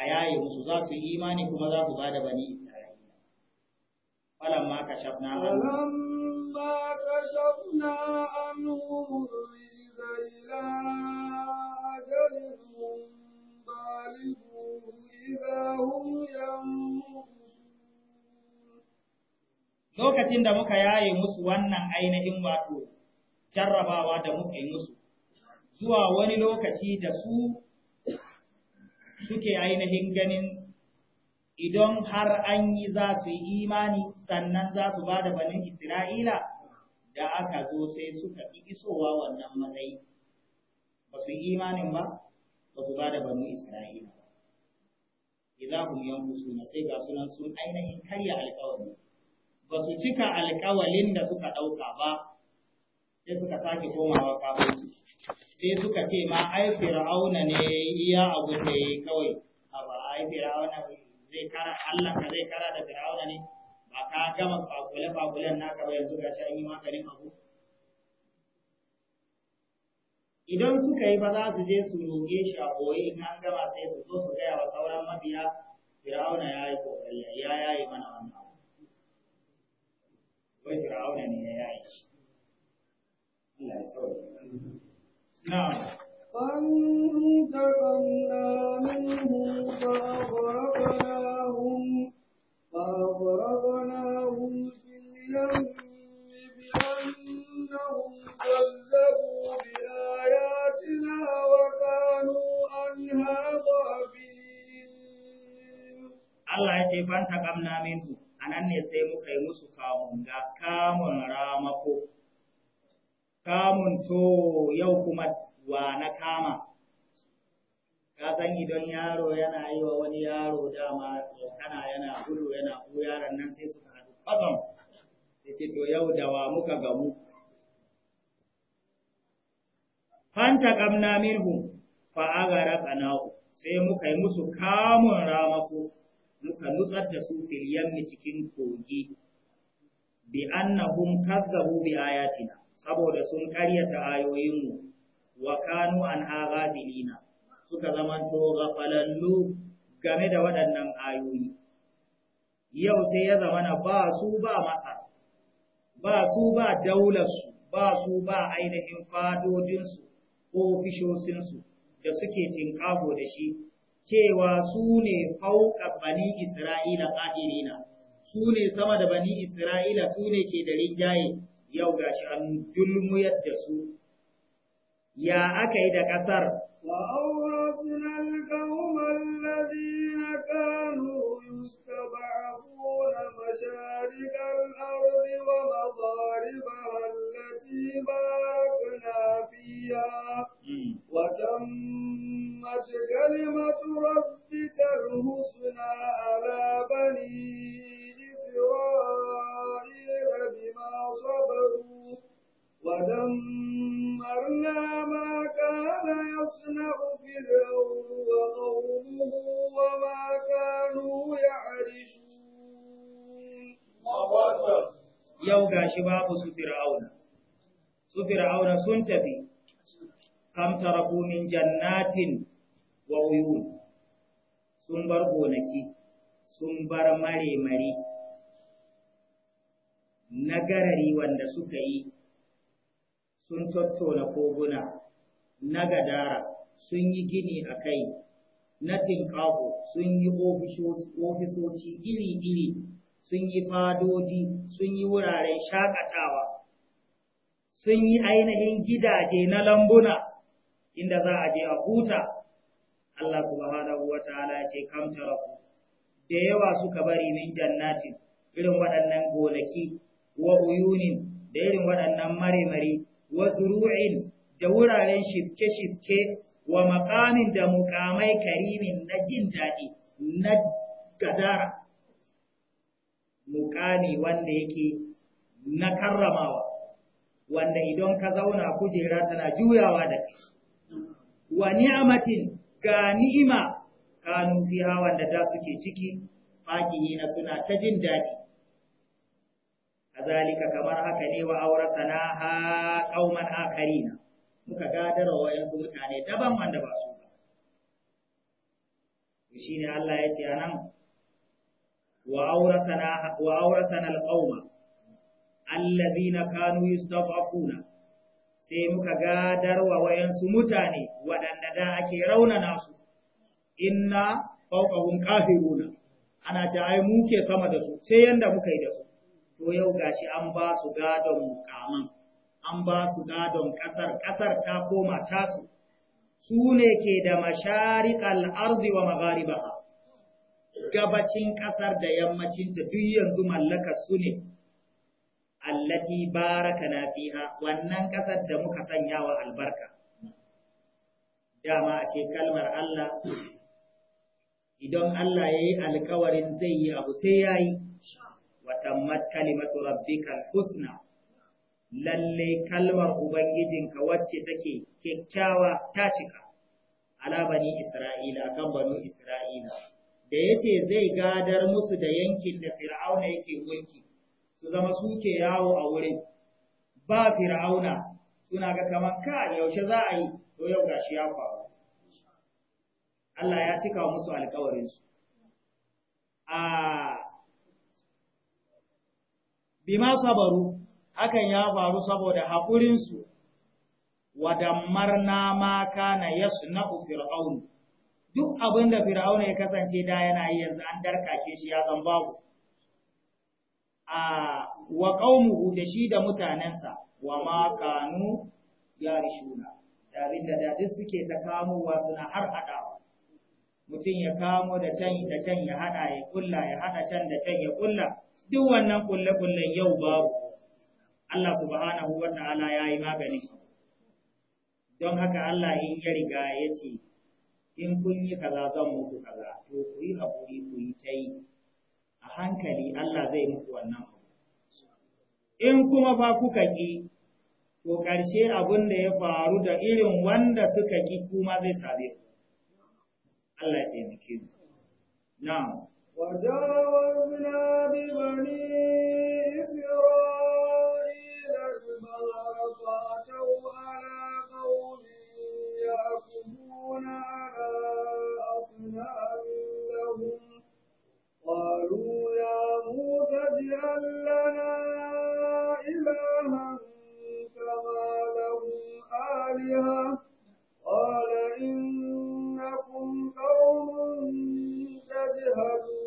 a yaye musu za su yi imani kuma za su ba da bani Isra'ila. Falamma shafna Allah. فلما كشفنا عنهم الرجز إلى أجل إذا هم lokacin da muka yaye musu wannan ainihin wato jarrabawa da muka yi musu zuwa wani lokaci da su suke ainihin ganin idan har an yi za su yi imani sannan za su ba da banin Isra'ila da aka zo sai suka fi isowa wannan matsayi ba su yi imanin ba ba su ba da banin Isra'ila ba. Iza hum yankusu na sai ga sunan sun ainihin karya alkawari ba su cika alkawalin da suka ɗauka ba sai suka sake komawa kafin sai suka ce ma ai fir'auna ne iya abin da ya yi kawai a ba ai fir'auna ne zai kara Allah ka zai kara da Fir'auna ne ba ka gama fakule fakulen naka ba yanzu ga gashi an yi maganin abu idan suka yi ba za su je su roge shi a boye in an gama sai su so su gaya wa sauran mabiya Fir'auna ya yi kokari ya ya yi mana wannan abu wai Fir'auna ne ya yayi shi Allah ya sauya na'am فانتقمنا منهم فأغرقناهم فأغرقناهم في اليم بأنهم كذبوا بآياتنا وكانوا عنها غافلين الله يجي فانتقمنا منهم anan ne sai muka yi musu kamun ga kamun ramako kamun to yau kuma wa na kama ka san idan yaro yana yi wa wani yaro dama kana yana gudu yana ku yaron nan sai suka haɗu kwazam sai ce to yau da wa muka gamu fanta kamna minhum fa agara qanahu sai muka yi musu kamun ramako muka nutsar da su filiyan cikin kogi bi annahum kazzabu bi ayatina saboda sun karyata ayoyinmu wa kanu an haghafilina suka zamanto gafalallu game da waɗannan ayoyi yau sai ya zamana ba su ba masar ba su ba daularsu ba su ba ainihin fadodinsu ko ofishosinsu da suke tinkago da shi cewa su ne fauka bani isra'ila ƙadirina su ne sama da bani isra'ila su ne ke da rinjaye yau gashi an dulmuyar da su ya aka yi da ƙasar. Wa auratun alkawomar lalina kanu yuska ba a kona masharikar arzi ba hallaci ba ku lafiya. Watan mace gani maturar a labari isiwa a rira yau ga shi babu su fir'auna su fir'auna sun tafi kam tarabu min jannatin wa uyun sun bar gonaki sun bar mare-mare na garari wanda suka yi sun tattona koguna na gadara sun yi gini a kai na tinkaho sun yi ofisoci iri-iri sun yi fadodi sun yi wuraren shakatawa sun yi ainihin gidaje na lambuna inda za a je a huta Allah subhanahu wa ta'ala ce kam taraku da yawa suka bari min jannatin irin waɗannan gonaki wa uyunin da irin waɗannan marimari wa zuru'in da wuraren shifke-shifke wa makamin da mukamai karimin na jin daɗi na gadara Muƙami wanda yake na karramawa wanda idan ka zauna kujera tana juyawa da kai wa ni'amatin ga ni'ima kanu fiha wanda da suke ciki na suna ta jin dadi kazalika kamar haka ne wa auratana ha qauman akarina muka gadara 'yansu mutane daban wanda ba su ba shine Allah ya ce anan وأورثنا القوم الذين كانوا يستضعفون sai muka gadarwa wa wayansu mutane waɗanda da ake raunana su inna fawqahum kafiruna ana ta ai ke sama da su sai yanda muka yi da su to yau gashi an ba su gadon mukaman an ba su gadon ƙasar, ƙasar ta koma tasu su ne ke da masharikal ardi wa magharibaha gabacin ƙasar da yammacinta duk yanzu mallaka su ne, allati baraka na fiha wannan ƙasar da muka sanya wa albarka. Dama a kalmar Allah, idan Allah ya yi alkawarin zai yi abu sai ya yi, watammat kalimatu rabbikal husna. Lalle kalmar Ubangijinka wacce take kyakkyawa ta cika, ala bani Isra'ila, kan banu Isra'ila. da ya ce zai gadar musu da yankin da fir'auna yake wanki su zama suke yawo a wurin ba fir'auna suna ga kamar ka yaushe za a yi to yau gashi ya faru Allah ya cika musu alƙawarin su a bima sabaru hakan ya faru saboda haƙurinsu wa dammarna ma kana yasna'u Fir'auna. duk abin da fir'auna ya kasance da yana yi yanzu an darkake shi ya zan babu a wa qaumuhu da shi da mutanensa wa ma kanu rishuna, da da duk suke ta kamowa suna har hadawa mutum ya kamo da can da can ya hada ya kulla ya hada can da can ya kulla duk wannan kulle kullen yau babu Allah subhanahu Wata'ala ta'ala ya yi magani don haka Allah in ya riga ya ce in kun yi kaza zan muku kaza to ku yi haƙuri ku yi ta yi a hankali Allah zai muku wannan abu in kuma fa ka ƙi to ƙarshe abin da ya faru da irin wanda suka ƙi kuma zai sabe ku Allah ya taimake mu na'am وجاوزنا ببني إسرائيل فأتوا على يخرجون على أصنام لهم قالوا يا موسى اجعل لنا إلها كما لهم آلهة قال إنكم قوم تجهلون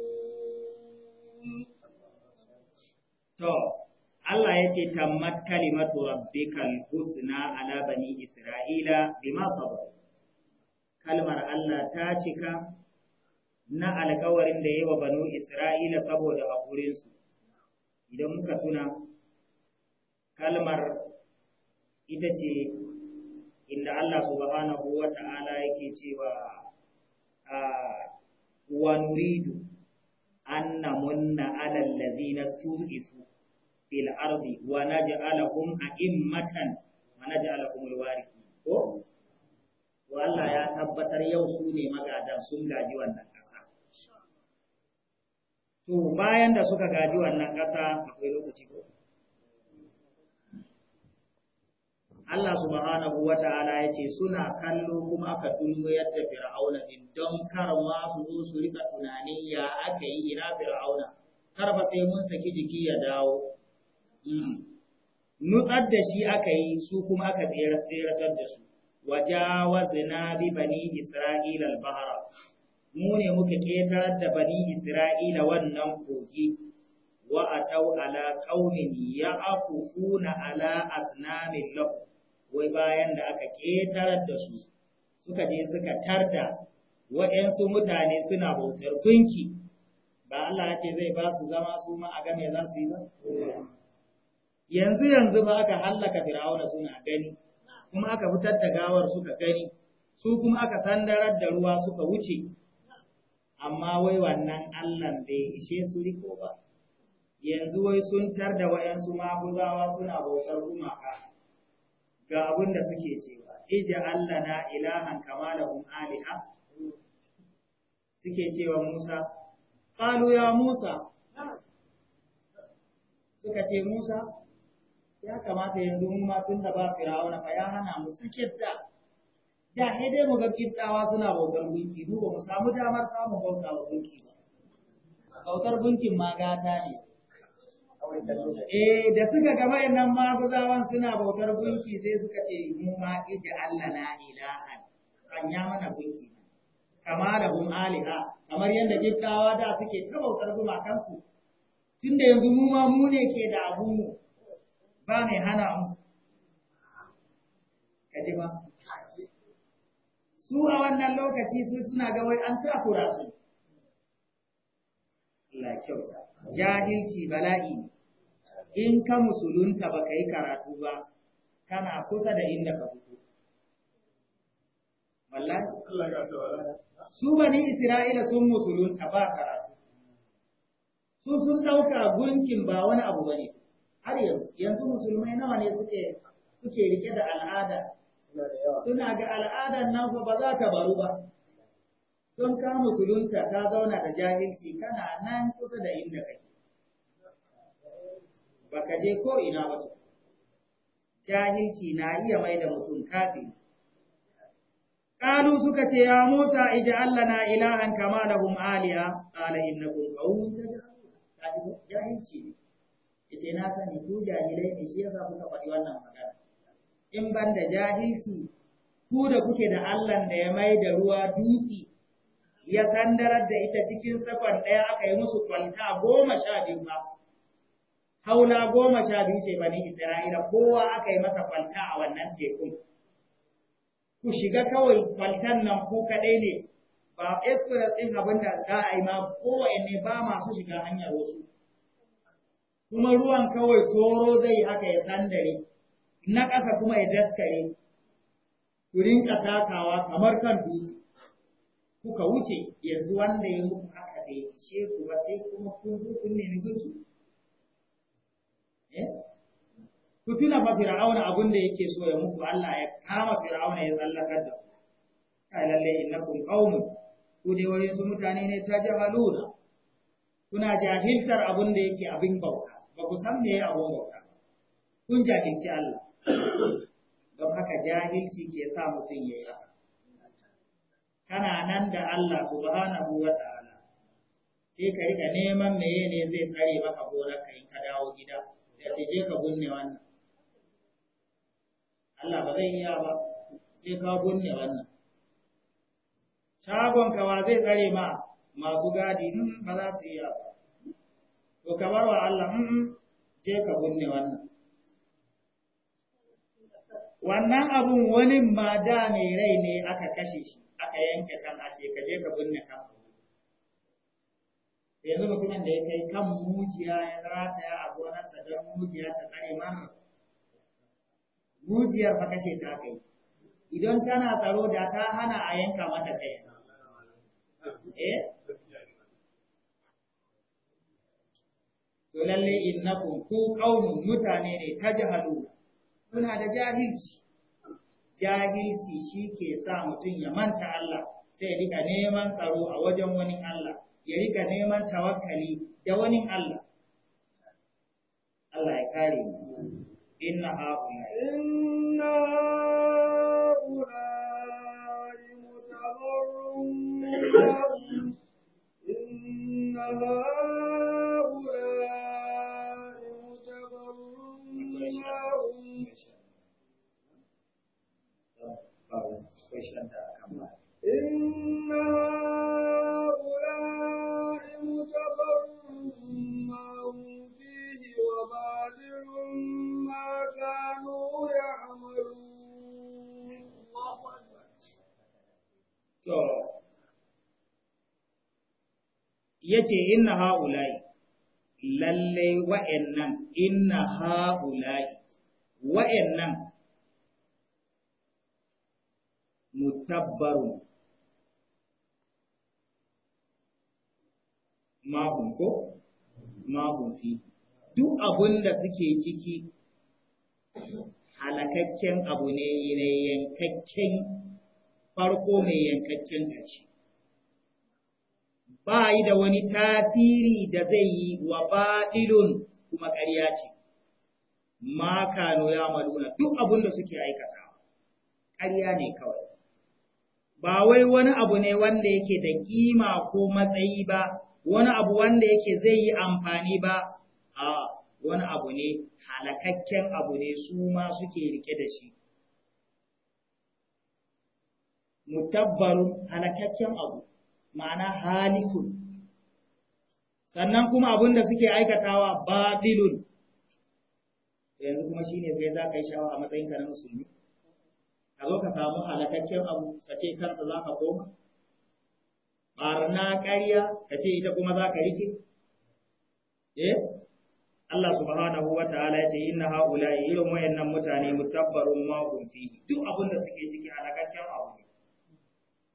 Allah ya ce tammat kalimatu rabbikal husna ala bani Isra'ila bima sabaru kalmar Allah ta cika na alkawarin da ya wa banu Isra'ila saboda haƙurinsu. Idan muka tuna, kalmar ita ce inda Allah subhanahu wa ta'ala yake cewa wa nuridu an namunna alallazi na stu'ifu fil ardi wa naj'alahum a'immatan wa naj'alahum alwarithun ko to Allah ya tabbatar yau su ne magadan sun gaji wannan ƙasa. To bayan da suka gaji wannan ƙasa akwai lokaci ko? Allah subhanahu wa ta'ala ya ce suna kallo kuma aka yadda fir'auna din don kar su zo su rika tunani ya aka yi ina fir'auna kar ba sai mun saki jiki ya dawo hmm. nutsar da shi aka yi su kuma aka tseratar da su wajawazna bi bani isra'ila al-bahra mu ne muka ketar da bani isra'ila wannan kogi wa atau ala qaumin ya'qufuna ala asnamin lahu wai bayan da aka ketar da su suka je suka tarda waɗansu mutane suna bautar gunki ba Allah ce zai ba su zama su ma a game za su yi ba yanzu yanzu ba aka hallaka fir'auna suna gani kuma aka fitar da gawar suka gani su kuma aka sandarar da ruwa suka wuce amma wai wannan Allah bai ishe su riko ba yanzu wai sun tar da wayansu maguzawa suna bautar gumaka ga abin da suke cewa ija na ilahan kama da aliha suke cewa musa qalu ya musa suka ce musa ya kamata yanzu mun ma tun da ba firawuna fa ya hana mu sakirta da sai dai mu ga kiftawa suna bautar gunki mu ba mu samu damar samun bauta wa gunki ba bautar gunkin ma gata ne eh da suka ga wayannan maguzawan suna bautar gunki sai suka ce mu ma ija Allah na ilaha ya mana gunki kama da bun aliha kamar yadda kiftawa da suke ta bautar gumakansu tunda yanzu mu ma mu ne ke da abun mu ba mai hana mu kaji ba su a wannan lokaci su suna ga wai an takura su Allah kyauta jahilci bala'i in ka musulunta ba ka yi karatu ba kana kusa da inda ka fito wallahi su bani isra'ila sun musulunta ba karatu su sun ɗauka gunkin ba wani abu bane har yanzu yanzu musulmai nawa ne suke suke rike da al'ada suna ga al'adar nan ba za ta baru ba don ka musulunta ta zauna da jahilci kana nan kusa da inda kake ka je ko ina ba jahilci na iya mai da mutum kafin قالوا سكت يا موسى اجعل لنا إلها كما لهم آلهة قال إنكم قوم تجهلون yace na sani ku jahilai ne shi yasa kuka faɗi wannan magana in ban da jahilci ku da kuke da Allah da ya mai da ruwa dutse ya sandarar da ita cikin sakon ɗaya aka yi musu kwalta goma sha biyu ba haula goma sha biyu ce bani Isra'ila kowa aka yi masa kwalta a wannan tekun ku shiga kawai kwantan nan ku kaɗai ne ba express ɗin abin da za a yi ma kowa ne ba masu shiga hanyar wasu kuma ruwan kawai tsoro zai haka ya tsandare, na ƙasa kuma ya daskare, ku rinka takawa kamar kan dutse. Kuka wuce yanzu wanda ya muku haka da ya ce ku ba sai kuma kun zo kun nemi gunki. Eh? Ku tuna ba Fir'auna abin da yake so ya muku Allah ya kama Fir'auna ya tsallakar da ku. Kai lalle innakum qaumun ku dai wayansu mutane ne ta jahaluna. Kuna jahiltar abin da yake abin bauta. ba ku san me ya abun bauta kun jahilci Allah don haka jahilci ke sa mutum ya yi kana nan da Allah subhanahu wa ta'ala sai ka rika neman meye ne zai tsare maka ka in ka dawo gida da ce je ka gunne wannan Allah ba zai iya ba sai ka gunne wannan shagon kawa zai tsare ma masu gadi hmm, ba za su iya ba to ka bar wa Allah mm, mm je ka binne wannan wannan abun wani ma da mai rai ne aka kashe shi aka yanke kan a ce ka je ka binne kan yanzu mutumin da ya kai kan mujiya ya rataya a gonarsa don mujiya ta tsare mara mujiyar fa kashe ta kai idan tana tsaro da ta hana a yanka mata kai eh to lalle innakum ku qaumun mutane ne tajhalu kuna da jahilci jahilci shi ke sa mutum ya manta Allah sai ya rika neman tsaro a wajen wani Allah ya rika neman tawakkali da wani Allah Allah ya kare mu inna haula inna haula mutabarrun inna haula fuskanta a kan ba. Inna ha'ula'i mutabarrun ma hum fihi wa badirun ma kanu ya'malun. To yace inna ha'ula'i lallai wa'annan inna Wa'yan nan. mutabbarun mahun ko mahun fi duk abin da suke ciki halakakken abu ne na yankakken farko mai yankakken ƙarshe ba yi da wani tasiri da zai yi wa ba'ilun kuma ƙarya ce ma kano ya maluna duk abin da suke aikata ƙarya ne kawai ba wai wani abu ne wanda yake da kima ko matsayi ba wani abu wanda yake zai yi amfani ba a wani abu ne halakakken abu ne su ma suke rike da shi mutabbarun halakakken abu ma'ana halikun sannan kuma abin da suke aikatawa babilun yanzu kuma shine sai za ka yi shawa a matsayinka na musulmi ka zo ka samu halakakken abu ka ce kansa za ka koma barna ƙarya ka ce ita kuma za ka rike eh Allah subhanahu wa ta'ala ya ce inna haula'i irin wayannan mutane mutabbarun ma hum fihi duk abin da suke ciki halakakken abu ne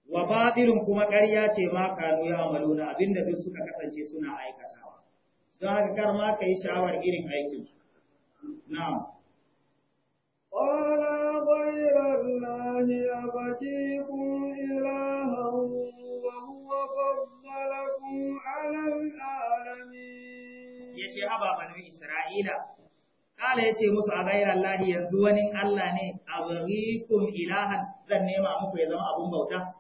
wa batilun kuma ƙarya ce ma kanu ya maluna abinda duk suka kasance suna aikatawa don haka kar ma ka yi sha'awar irin aikin na'am Yace haba banu Isra’ila, ƙala ya ce musu a bayar Allah yanzu wani Allah ne a barikun ilahan zan nema muku ya zama abun bauta.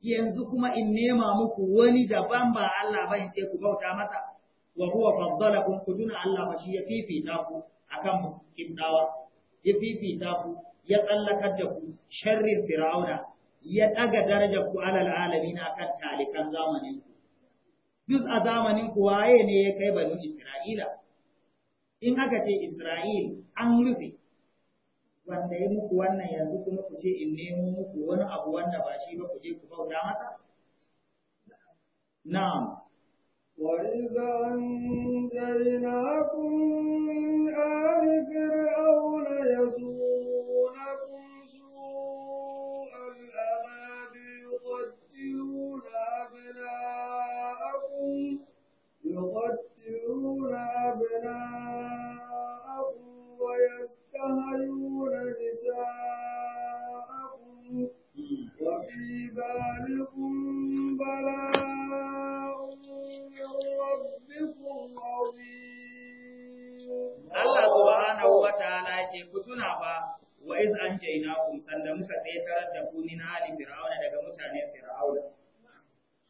Yanzu kuma in nema muku wani daban ba Allah ba ce ku bauta masa? wa huwa faddala kun kuduna Allah ba shi ya fifi ta ku a kan mu kimdawa, ya fifi ta ku ya tsallakar da ku sharrin fir'auna ya daga darajar ku alal alamin kan talikan zamanin ku duk a zamanin ku waye ne ya kai banu Isra'ila in aka ce Isra'il an rufe wanda ya muku wannan yanzu kuma ku ce in nemo muku wani abu wanda ba shi ba ku je ku bauta masa na'am وإذا أنجيناكم من آل فرعون يسوع يقتلون أبناءكم ويستهلون نساءكم وفي ذلكم بلاء من ربكم عظيم الله سبحانه وتعالى يقتلنا وإذ أنجيناكم سلمك تيتر الدفو من آل فرعون لك متعنى فرعون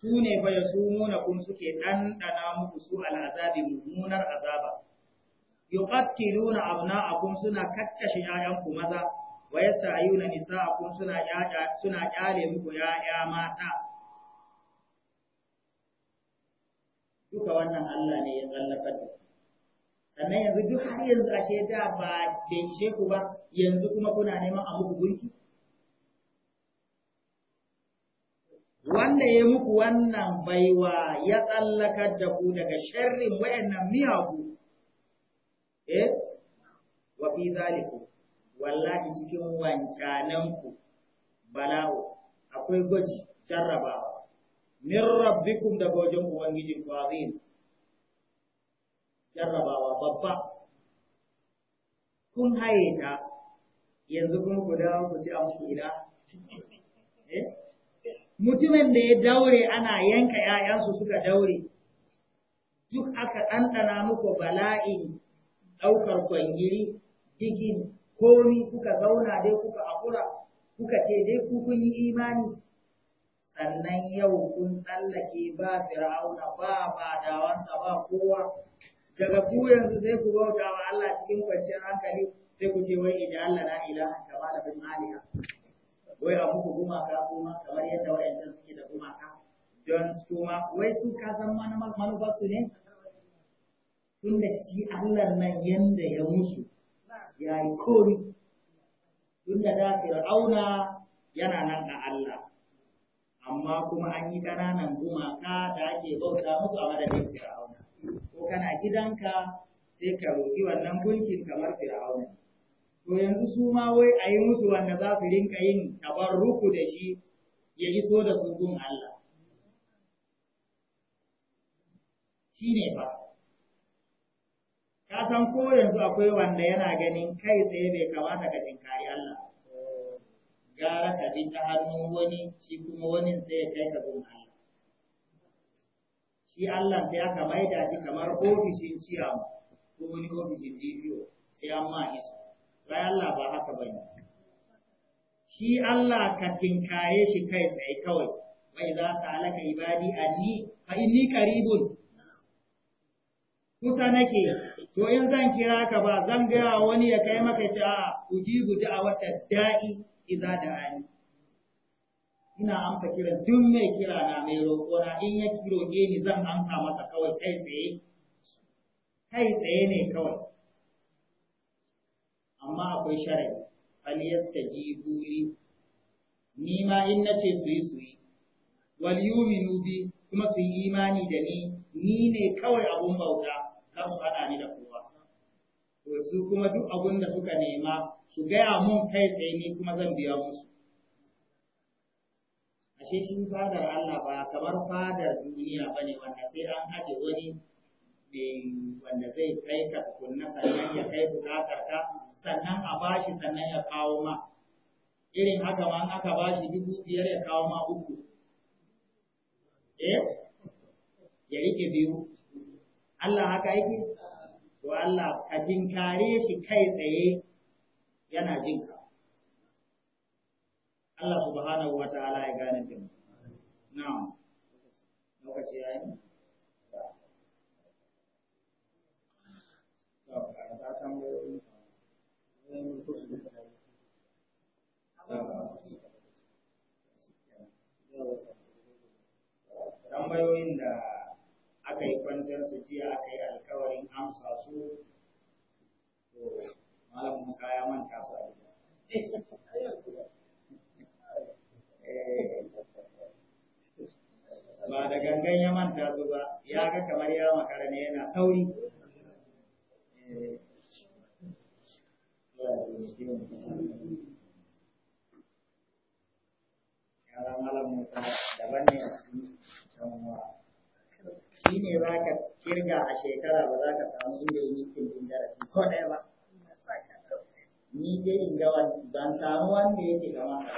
su ne fa ya muna kun suke ɗanɗana muku su al'azabi mummunar azaba abna abna'akum suna kakkashe 'ya'yanku maza wa yasta'yuna nisa'akum suna ƴaƴa suna ƙyale muku 'ya'ya mata duka wannan Allah ne ya tsallaka da sannan yanzu duk har yanzu ashe da ba bincike ku ba yanzu kuma kuna neman a muku gunki wanda ya muku wannan baiwa ya tsallakar da ku daga sharrin wayannan miyagu eh wa fi zaliku wallahi cikin wancananku bala'u akwai gwaji jarrabawa min rabbikum da gojin ubangiji ku azim jarrabawa babba kun haye ta yanzu kuma ku dawo ku ci amsu ila mutumin da ya daure ana yanka ‘ya'yansu suka daure, duk aka ɗanɗana muku bala'in ɗaukar kwangiri, digin, komi kuka zauna dai kuka haƙura, kuka ce dai kun yi imani, sannan yau kun tsallake ba fir'auna ba fadawansa ba kowa, daga ku yanzu sai ku bauta wa Allah cikin kwanciyar hankali sai ku ce wai idan Allah na ilaha kama da bin aliya. goya muku gumaka kuma kamar yadda wayancan suke da gumaka don su ma wai su ka san manufa su ne tunda shi Allah nan yanda ya musu ya yi kori tunda da fir'auna yana nan ga Allah amma kuma an yi ƙananan gumaka da ake bauta musu a madadin fir'auna ko kana gidanka sai ka roƙi wannan gunkin kamar fir'auna to yanzu su ma wai a yi musu wanda za su rinka yin ruku da shi ya iso da su gun Allah. Shi ne ba. Ka san ko yanzu akwai wanda yana ganin kai tsaye bai kamata ka tinkari Allah. Gara ka bi ta hannun wani shi kuma wani sai ya kai ka gun Allah. Shi Allah sai aka maida shi kamar ofishin ciyawa ko wani ofishin DPO sai an ma iso. bai Allah ba haka ba ne. shi Allah ka tinkaye shi kai tsaye kawai wai za ta alaka ibadi a fa inni karibun. kusa nake to in zan kira ka ba zan gaya wani ya kai maka ci a a wata da'i da da'ani ina amsa kira duk mai kira na mai roƙo in ya roƙe ni zan amsa masa kawai kai tsaye kai tsaye ne kawai amma akwai shari'a falyastajibu li ni ma in ce su yi su yi wal yu'minu bi kuma su yi imani da ni ni ne kawai abun bauta kar su hada ni da kowa to su kuma duk abun da suka nema su gaya mun kai tsaye ni kuma zan biya musu ashe shi fadar Allah ba kamar fadar duniya bane wanda sai an aje wani wanda zai kai ka kunna sannan ya kai bukatar ka sannan a bashi sannan ya kawo ma irin haka ma an aka bashi dubu biyar ya kawo ma uku eh ya rike biyu Allah haka yake to Allah ka tinkare shi kai tsaye yana jin ka Allah subhanahu wa ta'ala ya gane din na'am lokaci yayi tambayoyin da aka yi kwanciyar su jiya aka yi alkawarin amsa su to malam musa ya manta su a eh, ba da gangan ya manta su ba ya ga kamar ya makara ne yana sauri eh, yara malam musa daban ne a cikin damuwa shi ne za ka kirga a shekara ba za ka samu inda yi mitin din darasi ko ɗaya ba ni dai in ga ban samu wanda yake gama ba